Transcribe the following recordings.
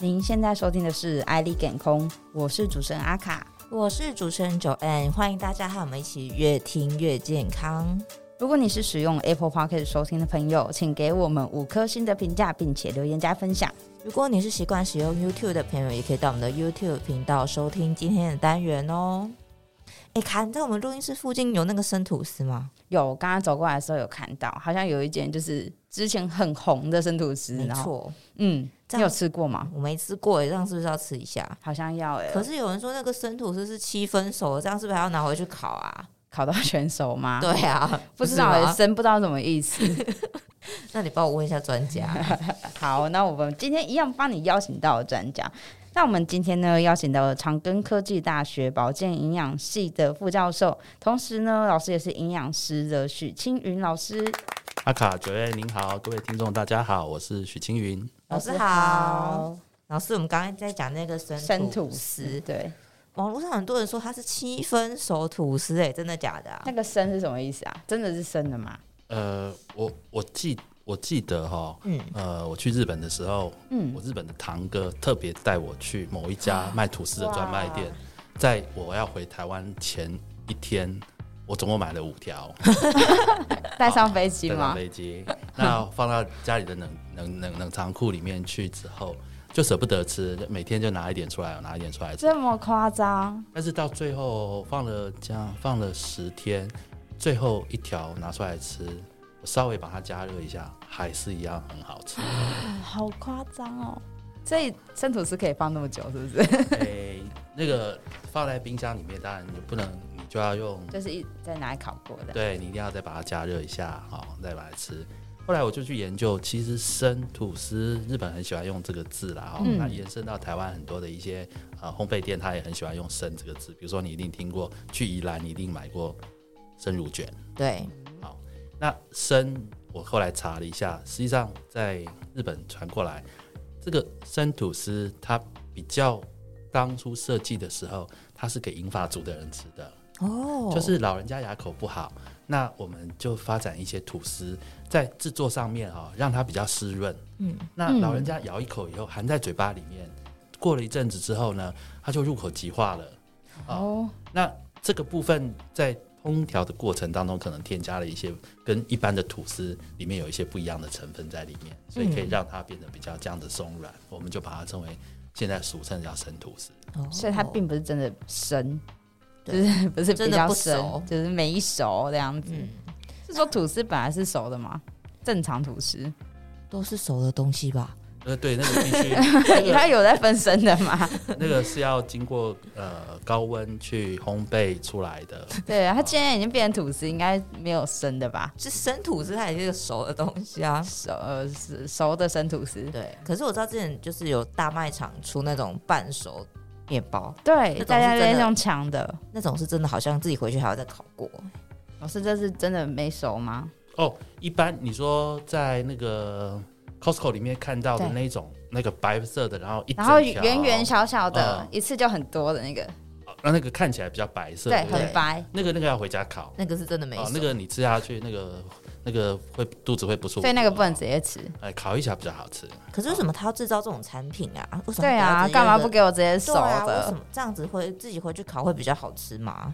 您現在收聽的是《艾莉·敢空》，我是主持人阿卡，我是主持人 Joanne，歡迎大家和我們一起越聽越健康。如果你是使用 Apple Podcast 收聽的朋友，請給我們五顆星的評價，並且留言加分享。如果你是習慣使用 YouTube 的朋友，也可以到我們的 YouTube 頻道收聽今天的單元哦。你看，在我們錄音室附近有那個生吐司嗎？有，剛剛走過來的時候有看到，好像有一間就是之前很紅的生吐司，沒錯，嗯，你有吃過嗎？我沒吃過，誒，這樣是不是要吃一下？好像要，誒，可是有人說那個生吐司是七分熟，這樣是不是還要拿回去烤啊？烤到全熟嗎？對啊，不知道誒，生不知道什麼意思， 那你幫我問一下專家。 好，那我們今天一樣幫你邀請到了專家。那我們今天呢，邀請到了長庚科技大學保健營養系的副教授，同時呢，老師也是營養師的許青雲老師。阿卡九月您好，各位聽眾大家好，我是許青雲老師好。老師，老師我們剛剛在講那個生吐司生吐司。嗯，對，網絡上很多人說它是七分熟吐司，哎，真的假的？啊？那個生是什麼意思啊？真的是生的嗎？呃，我我記。我記得哈、嗯，呃，我去日本的時候，嗯，我日本的堂哥特別帶我去某一家賣吐司的專賣店，在我要回台灣前一天，我總共買了五條，帶 上飛機嗎？帶上飛機， 那放到家裡的冷冷冷冷藏庫裡面去之後，就舍不得吃，每天就拿一點出來，拿一點出來吃，這麼誇張？但是到最後放了家放了十天，最後一條拿出來吃。稍微把它加熱一下，還是一樣很好吃。啊、好誇張哦！所以生吐司可以放那麼久，是不是？哎、欸，那個放在冰箱裡面，當然你不能，你就要用，就是一在哪裡烤過的。對你一定要再把它加熱一下，好、哦、再把它吃。後來我就去研究，其實生吐司日本很喜歡用這個字啦。哦，那延伸到台灣很多的一些呃烘焙店，他也很喜歡用“生”這個字。比如說，你一定聽過去宜蘭，你一定買過生乳卷。對。那生我後來查了一下，實際上在日本傳過來，這個生吐司它比較當初設計的時候，它是給銀髮族的人吃的哦，oh. 就是老人家牙口不好，那我們就發展一些吐司在制作上面啊、哦，讓它比較濕潤，嗯，那老人家咬一口以後含在嘴巴裡面，嗯、過了一陣子之後呢，它就入口即化了哦、oh. 啊，那這個部分在。烹調的過程當中，可能添加了一些跟一般的吐司裡面有一些不一樣的成分在裡面，所以可以讓它變得比較這樣的鬆軟、嗯。我們就把它稱為現在俗稱叫生吐司、哦，所以它並不是真的生，就是不是比較真的不熟，就是沒熟這樣子、嗯。是說吐司本來是熟的嗎？正常吐司都是熟的東西吧？呃，對，那個必須、那個，它 有在分生的嗎？那個是要經過呃高溫去烘焙出來的。 對，它現在已經變成吐司，應該沒有生的吧？是生吐司，它也是一個熟的東西啊，熟呃是熟的生吐司。對，可是我知道之前就是有大賣場出那種半熟麵包，對，大家在用強的，那種是真的好像自己回去還要再烤過。老師，這是真的沒熟嗎？哦、oh，一般你說在那個。Costco 裡面看到的那種，那個白色的，然後一然後圓圓小小的、啊，一次就很多的那個，讓、啊、那個看起來比較白色，對，很白，那個那個要回家烤，嗯、那個是真的沒熟、啊，那個你吃下去那個那個會肚子會不舒服，所以那個不能直接吃，哎、啊，烤一下比較好吃。可是為什麼他要制造這種產品啊？啊為什麼啊對啊？幹嘛不給我直接熟的、啊？為什麼這樣子會自己回去烤會比較好吃嗎？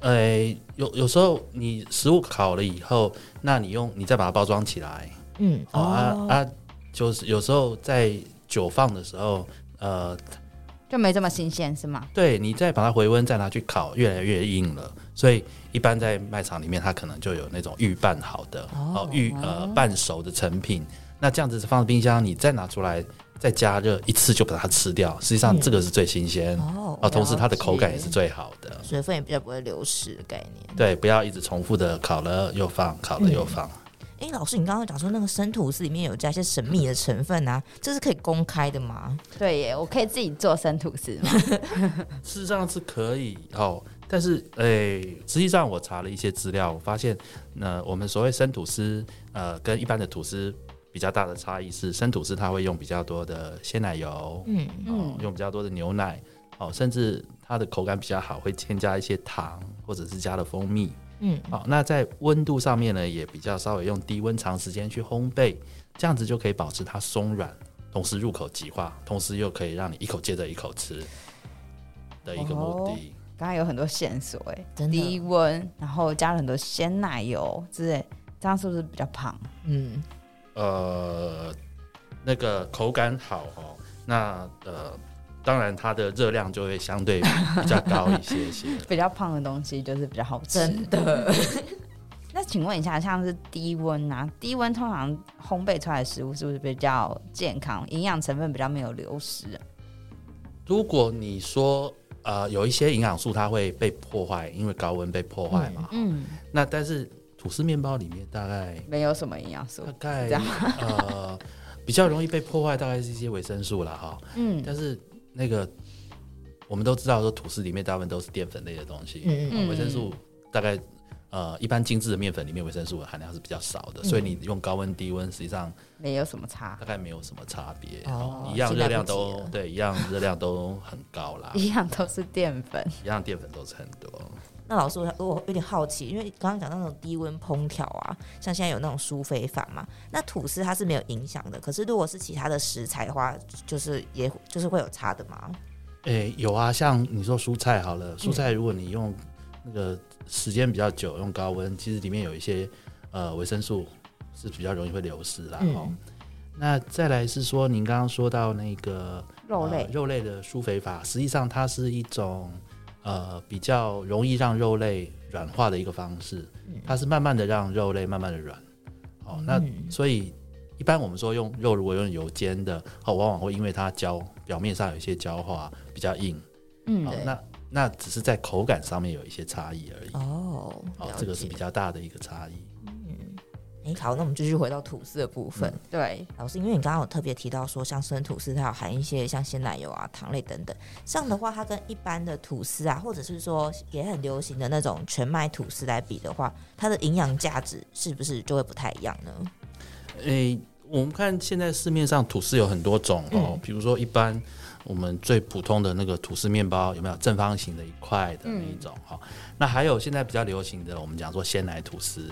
哎、欸，有有時候你食物烤了以後，那你用你再把它包裝起來。嗯，哦哦、啊啊，就是有時候在久放的時候，呃，就沒這麼新鮮，是嗎？對，你再把它回溫，再拿去烤，越來越硬了。所以一般在賣場裡面，它可能就有那種預拌好的，哦，預、哦、呃半熟的成品、哦。那這樣子放冰箱，你再拿出來再加熱一次，就把它吃掉。實際上這個是最新鮮、嗯、哦，同時它的口感也是最好的，水分也比較不會流失的概念。對，不要一直重複的烤了又放，烤了又放。嗯哎、欸，老師，你剛剛講說那個生吐司裡面有加一些神秘的成分啊，這是可以公開的嗎？對耶，我可以自己做生吐司嗎？ 事實上是可以哦，但是誒，實際上我查了一些資料，我發現那、呃、我們所謂生吐司，呃，跟一般的吐司比較大的差異是，生吐司它會用比較多的鮮奶油，嗯、哦，用比較多的牛奶，哦，甚至它的口感比較好，會添加一些糖或者是加了蜂蜜。嗯，好，哦，那在溫度上面呢，也比較稍微用低溫長時間去烘焙，這樣子就可以保持它鬆軟，同時入口即化，同時又可以讓你一口接着一口吃的一個目的。哦，剛才有很多線索，哎，真的，低溫，然後加了很多鮮奶油，之類，這樣是不是比較胖？嗯，呃，那個口感好哦，那呃。當然，它的熱量就會相對比，比較高一些些。 比較胖的東西就是比較好吃，真的。 那請問一下，像是低溫啊，低溫通常烘焙出來的食物是不是比較健康？營養成分比較沒有流失？啊？如果你說，呃，有一些營養素它會被破壞，因為高溫被破壞嘛，嗯。嗯。那但是吐司麵包裡面大概，大概沒有什麼營養素，大概這樣呃比較容易被破壞，大概是一些維生素了哈。嗯。但是。那個，我們都知道，說吐司裡面大部分都是澱粉類的東西，維、嗯嗯、生素大概呃，一般精製的麵粉裡面維生素含量是比較少的，嗯、所以你用高溫、低溫，實際上沒有什麼差，大概沒有什麼差別、哦，一樣熱量都對，一樣熱量都很高啦。 一樣都是澱粉，一樣澱粉都是很多。那老師，我有點好奇，因為剛剛講到那種低溫烹調啊，像現在有那種舒肥法嘛？那吐司它是沒有影響的，可是如果是其他的食材的話，就是也就是會有差的嗎？誒、欸，有啊，像你說蔬菜好了，蔬菜如果你用那個時間比較久，用高溫，其實裡面有一些呃維生素是比較容易會流失啦。嗯、哦，那再來是說您剛剛說到那個肉類、呃，肉類的舒肥法，實際上它是一種。呃，比較容易讓肉類軟化的一個方式，嗯，它是慢慢的讓肉類慢慢的軟。哦、嗯，那所以一般我們說用肉，如果用油煎的，哦，往往會因為它焦，表面上有一些焦化，比較硬。嗯、哦，那那只是在口感上面有一些差異而已哦。哦，這個是比較大的一個差異。誒，好，那我們繼續回到吐司的部分、嗯。對，老師，因為你剛剛有特別提到說，像生吐司它有含一些像鮮奶油啊、糖類等等，這樣的話，它跟一般的吐司啊，或者是說也很流行的那種全麥吐司來比的話，它的營養價值是不是就會不太一樣呢？誒，我們看現在市面上吐司有很多種哦，比、嗯、如說一般我們最普通的那個吐司麵包，有沒有正方形的一塊的那一種？哈、嗯，那還有現在比較流行的，我們講說鮮奶吐司。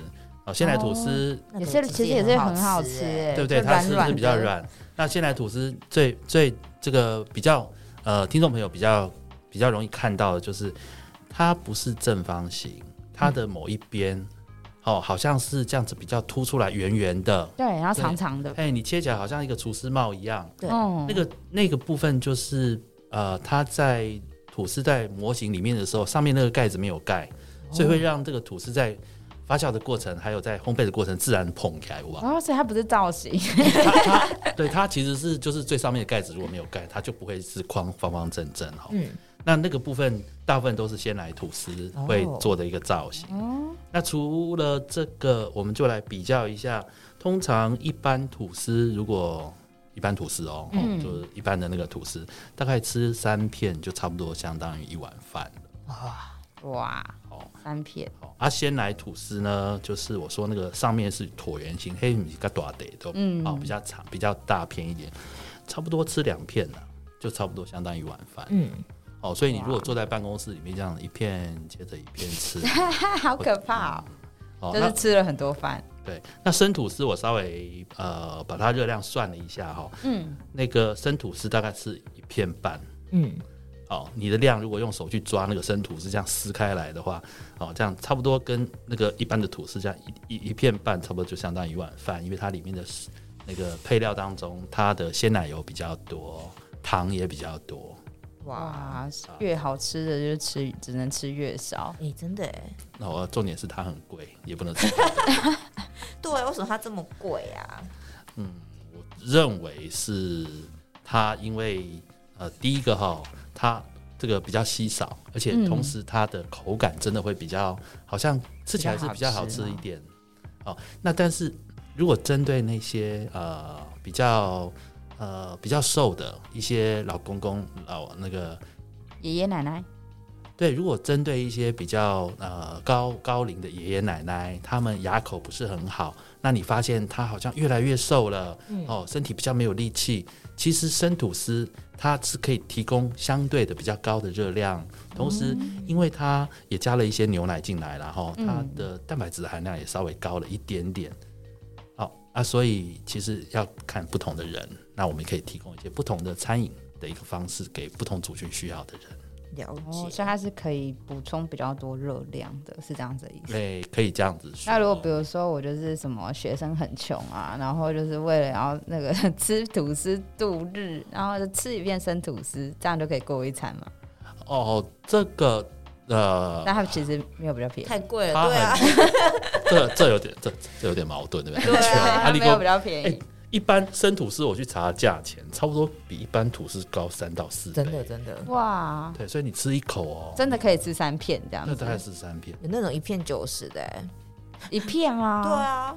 哦，鮮奶吐司，哦那個，也是，其實也是很好吃，對不對？對軟軟，它是不是比較軟？那鮮奶吐司最最這個比較呃，聽眾朋友比較比較容易看到的就是，它不是正方形，它的某一邊、嗯、哦，好像是這樣子比較凸出來，圓圓的，對，然後長長的。哎，你切起來好像一個廚師帽一樣，對，對哦，那個那個部分就是呃，它在吐司在模型裡面的時候，上面那個蓋子沒有蓋，所以會讓這個吐司在。哦發酵的過程，還有在烘焙的過程，自然蓬起來哇！哦，所以它不是造型。它，它 對，它其實是就是最上面的蓋子，如果沒有蓋，它就不會是框方方正正哈。嗯，那那個部分大部分都是鮮奶吐司、哦、會做的一個造型、哦。那除了這個，我們就來比較一下。通常一般吐司，如果一般吐司哦，就是一般的那個吐司、嗯，大概吃三片就差不多相當於一碗飯了哇！哇，哦，三片、哦。啊，鮮奶吐司呢，就是我說那個上面是橢圓形黑米格多的都、嗯，哦，比較長，比較大片一點，差不多吃兩片呢、啊，就差不多相當於一碗飯。嗯，哦，所以你如果坐在辦公室裡面這樣一片接着一片吃， 好可怕哦，哦，就是吃了很多飯、哦就是。對，那生吐司我稍微呃把它熱量算了一下哈、哦，嗯，那個生吐司大概是一片半，嗯。哦，你的量如果用手去抓那個生吐司，這樣撕開來的話，哦，這樣差不多跟那個一般的吐司這樣一一一片半，差不多就相當於一碗飯，因為它裡面的那個配料當中，它的鮮奶油比較多，糖也比較多。哇，啊、越好吃的就是吃，只能吃越少。哎、欸，真的。那、哦、我重點是它很貴，也不能吃。對，為什麼它這麼貴啊？嗯，我認為是它因為。呃，第一個哈、哦，它這個比較稀少，而且同時它的口感真的會比較，嗯、好像吃起來是比較好吃一點。哦，哦，那但是如果針對那些呃比較呃比較瘦的一些老公公老那個爺爺奶奶，對，如果針對一些比較呃高高齡的爺爺奶奶，他們牙口不是很好，那你發現他好像越來越瘦了，嗯、哦，身體比較沒有力氣，其實生吐司。它是可以提供相對的比較高的熱量，同時因為它也加了一些牛奶進來，然後它的蛋白質含量也稍微高了一點點。好啊，所以其實要看不同的人，那我們可以提供一些不同的餐飲的一個方式給不同族群需要的人。了解，哦、所以它是可以補充比較多熱量的，是這樣子的意思。對，可以這樣子說。那如果比如說我就是什麼學生很窮啊，然後就是為了要那個吃吐司度日，然後吃一片生吐司，這樣就可以過一餐嘛。哦，這個呃，那它其實沒有比較便宜，太貴了。對啊，這這有點這這有點矛盾，對不對？對，它沒有比較便宜。欸一般生吐司，我去查價錢，差不多比一般吐司高三到四倍。真的，真的哇！對，所以你吃一口喔，真的可以吃三片這樣子，那大概是三片。有那種一片九十的欸， 一片啊。 對啊，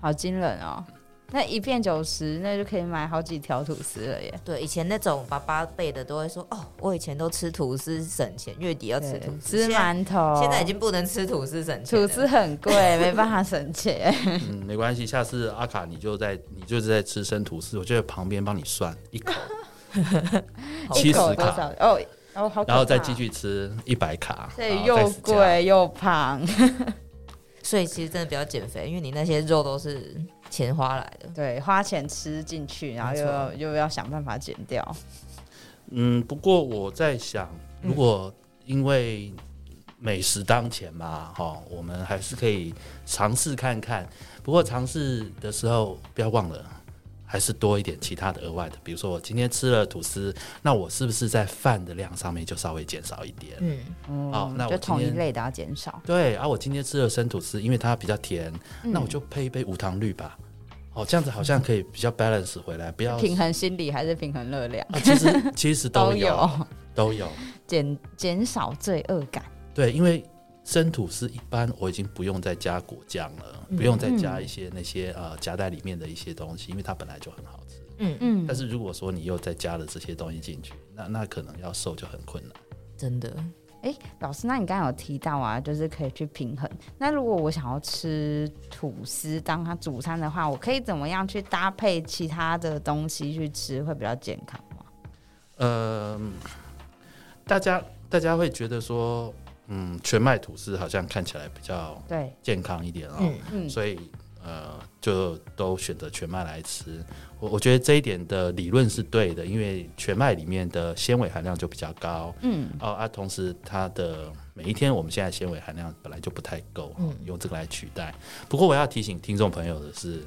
好驚人哦。那一片九十，那就可以買好幾條吐司了耶。對，以前那種爸爸輩的都會說，哦，我以前都吃吐司省錢，月底要吃吐司。吃饅頭。現在，現在已經不能吃吐司省錢，吐司很貴， 沒辦法省錢。嗯，沒關係，下次阿卡你就在你就是在吃生吐司，我就在旁邊幫你算一口七十 卡，哦哦，然後再繼續吃一百卡，對，又貴又胖。 所以其實真的比較減肥，因為你那些肉都是錢花來的，對，花錢吃進去，然後又要又要想辦法減掉。嗯，不過我在想，如果因為美食當前嘛，哈、嗯，我們還是可以嘗試看看。不過嘗試的時候，不要忘了。還是多一點其他的額外的，比如說我今天吃了吐司，那我是不是在飯的量上面就稍微減少一點？嗯，哦，那我，就同一類的減少。對，啊，我今天吃了生吐司，因為它比較甜，嗯，那我就配一杯無糖綠吧。哦，這樣子好像可以比較 balance 回來，不要平衡心理還是平衡熱量？啊，其實其實都有都有減減少罪惡感。對，因為。生吐司一般我已經不用再加果醬了，不用再加一些那些呃夾在裡面的一些東西，嗯，因為它本來就很好吃。嗯嗯。但是如果說你又再加了這些東西進去，那那可能要瘦就很困難。真的，哎、欸，老師，那你剛才有提到啊，就是可以去平衡。那如果我想要吃吐司當它主餐的話，我可以怎麼樣去搭配其他的東西去吃會比較健康嗎？呃，大家大家會覺得說。嗯，全麥吐司好像看起來比較對健康一點哦、喔嗯嗯，所以呃就都選擇全麥來吃。我我覺得這一點的理論是對的，因為全麥裡面的纖維含量就比較高。嗯，哦啊，同時它的每一天我們現在纖維含量本來就不太夠、嗯，用這個來取代。不過我要提醒聽眾朋友的是，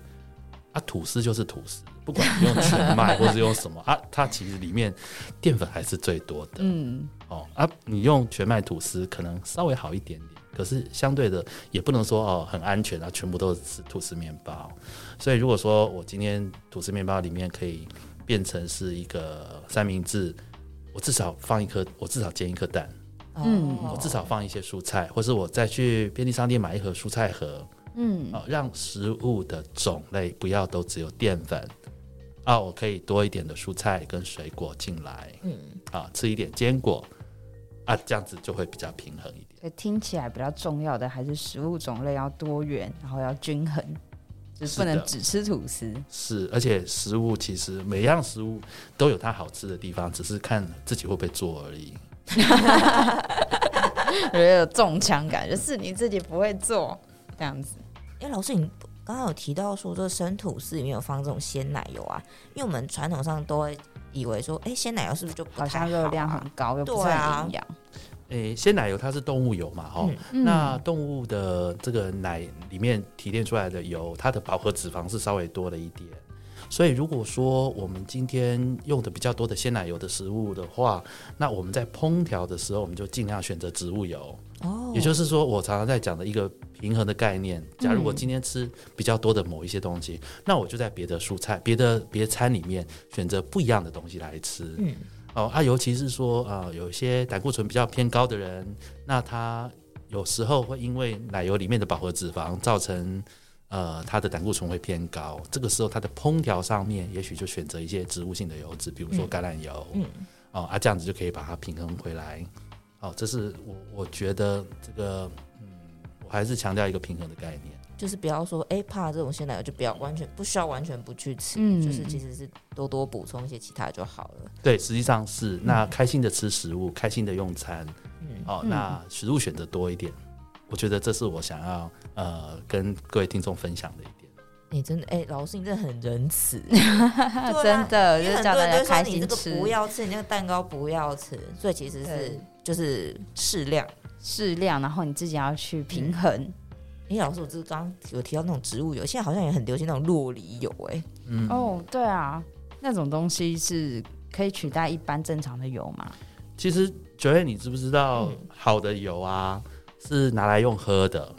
啊，吐司就是吐司。 不管用全麥或是用什麼啊，它其實裡面澱粉還是最多的。嗯。哦啊，你用全麥吐司可能稍微好一點點，可是相對的也不能說哦很安全啊，全部都是吃吐司麵包。所以如果說我今天吐司麵包裡面可以變成是一個三明治，我至少放一顆，我至少煎一顆蛋。嗯、哦，我至少放一些蔬菜，或是我再去便利商店買一盒蔬菜盒。嗯，哦，讓食物的種類不要都只有澱粉啊，我可以多一點的蔬菜跟水果進來，嗯，啊，吃一點堅果啊，這樣子就會比較平衡一點。聽起來比較重要的還是食物種類要多元，然後要均衡，就是不能只吃吐司是？是，而且食物其實每樣食物都有它好吃的地方，只是看自己會不會做而已。我覺得有中槍感覺，就是你自己不會做這樣子。哎，老師，你剛剛有提到說，這生吐司裡面有放這種鮮奶油啊？因為我們傳統上都會以為說，哎、欸，鮮奶油是不是就好像熱量很高，又不太營養、啊？誒、啊，鮮奶油它是動物油嘛，吼、嗯，那動物的這個奶裡面提煉出來的油，它的飽和脂肪是稍微多了一點。所以如果說我們今天用的比較多的鮮奶油的食物的話，那我們在烹調的時候，我們就盡量選擇植物油。Oh, 也就是說，我常常在講的一個平衡的概念。假如我今天吃比較多的某一些東西，嗯、那我就在別的蔬菜、別的別餐裡面選擇不一樣的東西來吃。嗯，哦，啊，尤其是說，啊、呃，有一些膽固醇比較偏高的人，那他有時候會因為奶油裡面的飽和脂肪造成，呃，他的膽固醇會偏高。這個時候，他的烹調上面也許就選擇一些植物性的油脂，比如說橄欖油，嗯。嗯，哦，啊，這樣子就可以把它平衡回來。哦，這是我我覺得這個，嗯，我還是強調一個平衡的概念，就是不要說哎、欸、怕這種鮮奶油，就不要完全不需要完全不去吃，嗯、就是其實是多多補充一些其他就好了。對，實際上是那開心的吃食物，嗯、開心的用餐、嗯，哦，那食物選擇多一點、嗯，我覺得這是我想要呃跟各位聽眾分享的一點。你真的哎、欸，老師你真的很仁慈， 啊、真的就叫大家開心吃，不要吃那 個蛋糕，不要吃，所以其實是。就是適量，適量，然後你自己要去平衡。你、嗯欸、老師，我就是剛剛有提到那種植物油，現在好像也很流行那種酪梨油，哎、嗯，哦，對啊，那種東西是可以取代一般正常的油嗎？嗯、其實九月，你知不知道好的油啊、嗯、是拿來用喝的？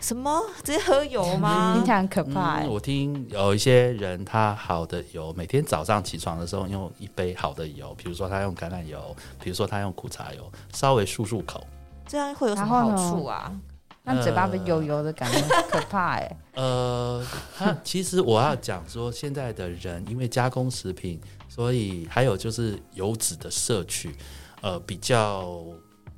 什麼？直接喝油嗎？嗯？聽起來很可怕、欸嗯。我聽有一些人，他好的油，每天早上起床的時候用一杯好的油，比如說他用橄欖油，比如說他用苦茶油，稍微漱漱口，這樣會有什麼好處啊？那、嗯嗯、嘴巴油油的感覺，可怕哎、欸。呃，呃其實我要講說，現在的人因為加工食品， 所以還有就是油脂的攝取，呃，比較。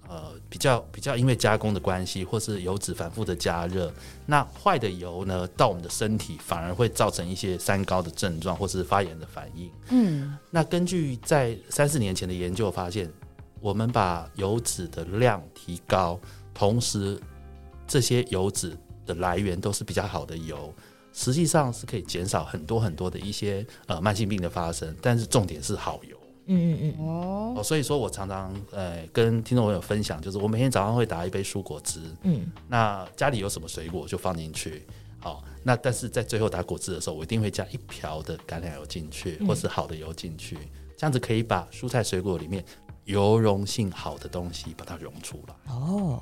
呃，比較比較，因為加工的關係，或是油脂反覆的加熱，那壞的油呢，到我們的身體反而會造成一些三高的症狀，或是發炎的反應。嗯，那根據在三四年前的研究發現，我們把油脂的量提高，同時這些油脂的來源都是比較好的油，實際上是可以減少很多很多的一些呃慢性病的發生，但是重點是好油。嗯嗯嗯，哦，所以說我常常呃跟聽眾朋友分享，就是我每天早上會打一杯蔬果汁，嗯，那家裡有什麼水果就放進去，好，哦，那但是在最後打果汁的時候，我一定會加一瓢的橄欖油進去，嗯，或是好的油進去，這樣子可以把蔬菜水果裡面油溶性好的東西把它溶出來。哦。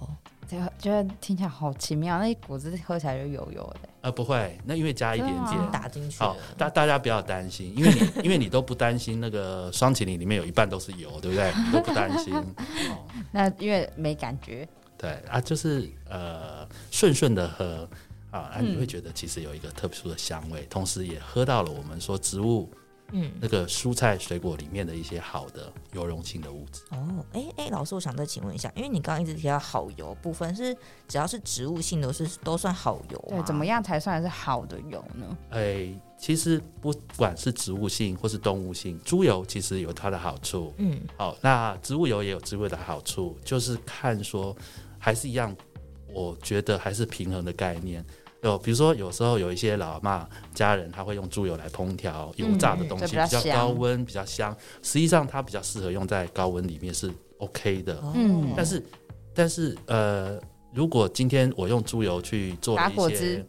覺得聽起來好奇妙，那果汁喝起來就油油的、欸。呃，不會，那因為加一點點打進去，好、哦，大大家不要擔心，因為你 因為你都不擔心那個霜淇淋裡面有一半都是油，對不對？你都不擔心 哦。那因為沒感覺。對啊、就是呃、順順啊，就是呃順順的喝啊，那你會覺得其實有一個特殊的香味，同時也喝到了我們說植物。嗯，那個蔬菜水果裡面的一些好的油溶性的物質。哦，哎、欸、哎、欸，老師，我想再請問一下，因為你剛剛一直提到好油部分，是只要是植物性都是都算好油？啊。對，怎麼樣才算是好的油呢？哎、欸，其實不管是植物性或是動物性，豬油其實有它的好處。嗯，好，那植物油也有植物的好處，就是看說還是一樣，我覺得還是平衡的概念。就比如說，有時候有一些老媽家人，他會用豬油來烹調油炸的東西，比較高溫，比較香。實際上，它比較適合用在高溫裡面是 OK 的。嗯，但是，但是，呃，如果今天我用豬油去做一些打果汁，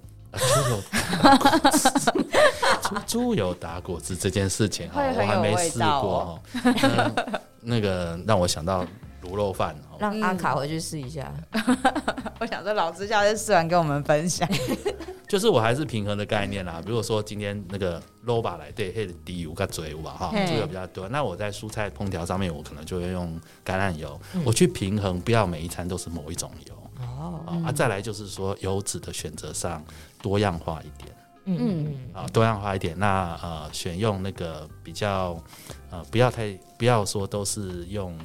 豬、啊、油，油打果汁 這件事情，哦、我還沒試過。哈、哦，那個讓我想到。滷肉飯，讓阿卡回去試一下。 我想說，老師下次試完跟我們分享 。就是我還是平衡的概念啦。比如說今天那個 l o 來，對，黑的底油跟嘴油吧，哈，豬油比較多，那我在蔬菜烹調上面，我可能就會用橄欖油、嗯，我去平衡，不要每一餐都是某一種油哦，哦、嗯。啊，再來就是說油脂的選擇上多樣化一點，嗯，啊，多樣化一點。那呃，選用那個比較、呃、不要太不要說都是用。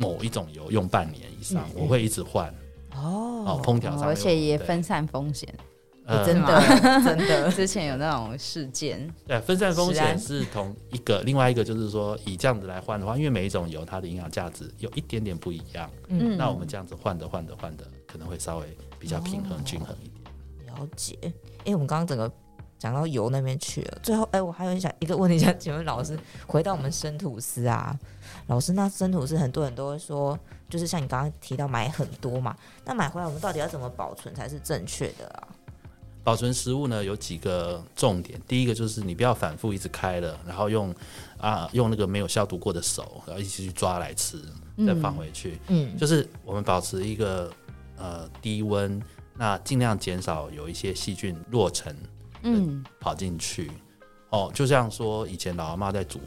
某一種油用半年以上，嗯、我會一直換哦，哦，烹調上，而且也分散風險，嗯、真的真的， 之前有那種事件，對，分散風險是同一個，另外一個就是說，以這樣子來換的話，因為每一種油它的營養價值有一點點不一樣，嗯，那我們這樣子換的換的換的，可能會稍微比較平衡、哦、均衡一點。了解，誒、欸，我們剛剛整個。講到油那邊去了，最後哎、欸，我還有一想一個問題，想請問老師，回到我們生吐司啊，老師，那生吐司很多人都會說，就是像你剛剛提到買很多嘛，那買回來我們到底要怎麼保存才是正確的啊？保存食物呢有幾個重點，第一個就是你不要反復一直開了，然後用啊用那個沒有消毒過的手，然後一起去抓來吃，嗯、再放回去，嗯，就是我們保持一個呃低溫，那盡量減少有一些細菌落成。嗯，跑進去，哦，就像說以前老阿媽在煮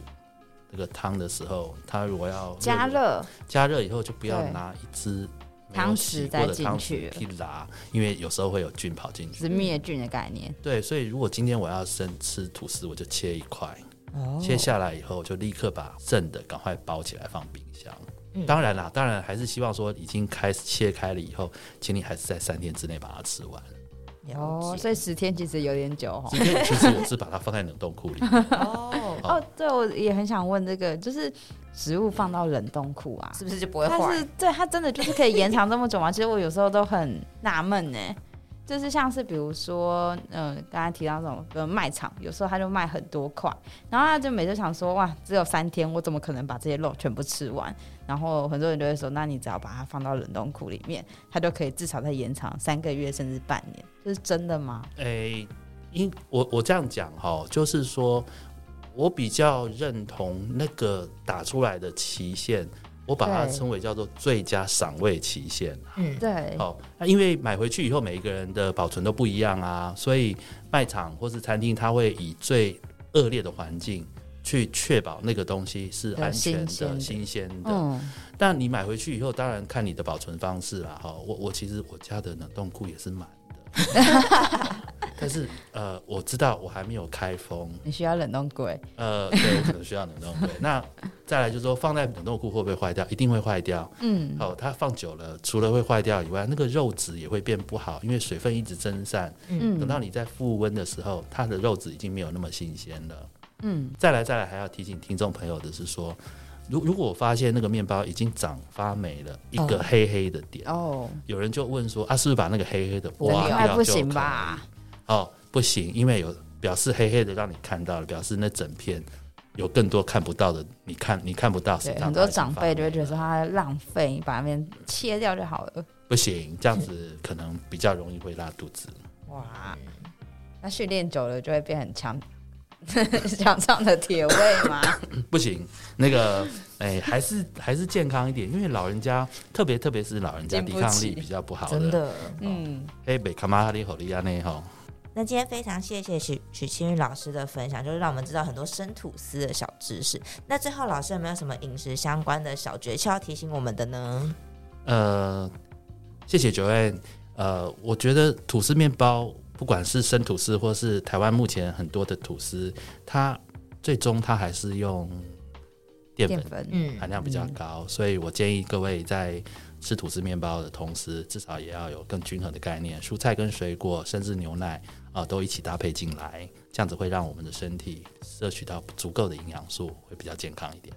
這個湯的時候，她如果要加熱，加熱以後就不要拿一隻湯匙或者湯匙去拿，因為有時候會有菌跑進去，是滅菌的概念。對，所以如果今天我要生吃吐司，我就切一塊、哦，切下來以後就立刻把剩的趕快包起來放冰箱，嗯。當然啦，當然還是希望說已經開始切開了以後，請你還是在三天之內把它吃完。哦，所以十天其實有點久哈。今天其實我是把它放在冷凍庫裡。 哦哦，哦，哦，對，我也很想問這個，就是食物放到冷凍庫啊、嗯，是不是就不會壞？它是對，它真的就是可以延長這麼久嗎？ 其實我有時候都很納悶呢。就是像是比如說，嗯、呃，剛才提到這種的賣場，有時候他就賣很多塊，然後他就每次想說，哇，只有三天，我怎麼可能把這些肉全部吃完？然後很多人都會說，那你只要把它放到冷凍庫裡面，它就可以至少再延長三個月甚至半年，這、就是真的嗎？誒、欸，因我我這樣講哈，就是說，我比較認同那個打出來的期限。我把它稱為叫做最佳賞味期限啊。嗯，對。好，哦，那因為買回去以後，每一個人的保存都不一樣啊，所以賣場或是餐廳，他會以最惡劣的環境去確保那個東西是安全的新鮮的，的。嗯。但你買回去以後，當然看你的保存方式啦，啊。哈，哦，我我其實我家的冷凍庫也是滿的。 但是呃，我知道我還沒有開封，你需要冷凍櫃。呃，對，我可能需要冷凍櫃。 那再來就是說，放在冷凍庫會不會壞掉？一定會壞掉。嗯，好、哦，它放久了，除了會壞掉以外，那個肉質也會變不好，因為水分一直蒸散。嗯，等到你在復溫的時候，它的肉質已經沒有那麼新鮮了。嗯，再來再來還要提醒聽眾朋友的是說，如果如果我發現那個麵包已經長發霉了、哦，一個黑黑的點，哦，有人就問說啊，是不是把那個黑黑的挖掉，還不行吧？哦，不行，因為有表示黑黑的讓你看到了，表示那整片有更多看不到的。你看，你看不到。對，很多長輩就會覺得說他浪費，你把那邊切掉就好了。不行，這樣子可能比較容易會拉肚子。哇，那訓練久了就會變很強強壯的鐵胃嗎？ 不行，那個哎、欸，還是還是健康一點，因為老人家特別特別是老人家抵抗力比較不好的。真的，嗯。卡、哦欸那今天非常謝謝許許青雲老師的分享，就是讓我們知道很多生吐司的小知識。那最後老師有沒有什麼飲食相關的小訣竅要提醒我們的呢？呃，謝謝九位。呃，我覺得吐司麵包，不管是生吐司或是台灣目前很多的吐司，它最終它還是用澱粉含量比較高，嗯嗯，所以我建議各位在。吃吐司麵包的同時，至少也要有更均衡的概念，蔬菜跟水果，甚至牛奶啊，都一起搭配進來，這樣子會讓我們的身體攝取到足夠的營養素，會比較健康一點。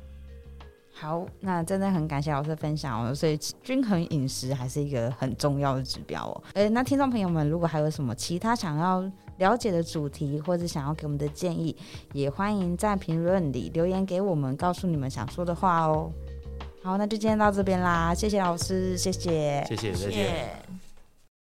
好，那真的很感謝老師分享哦。所以均衡飲食還是一個很重要的指標哦。誒、欸，那聽眾朋友們，如果還有什麼其他想要了解的主題，或者想要給我們的建議，也歡迎在評論裡留言給我們，告訴你們想說的話哦。好，那就今天到這邊啦，謝謝老師，謝謝，謝謝，再見。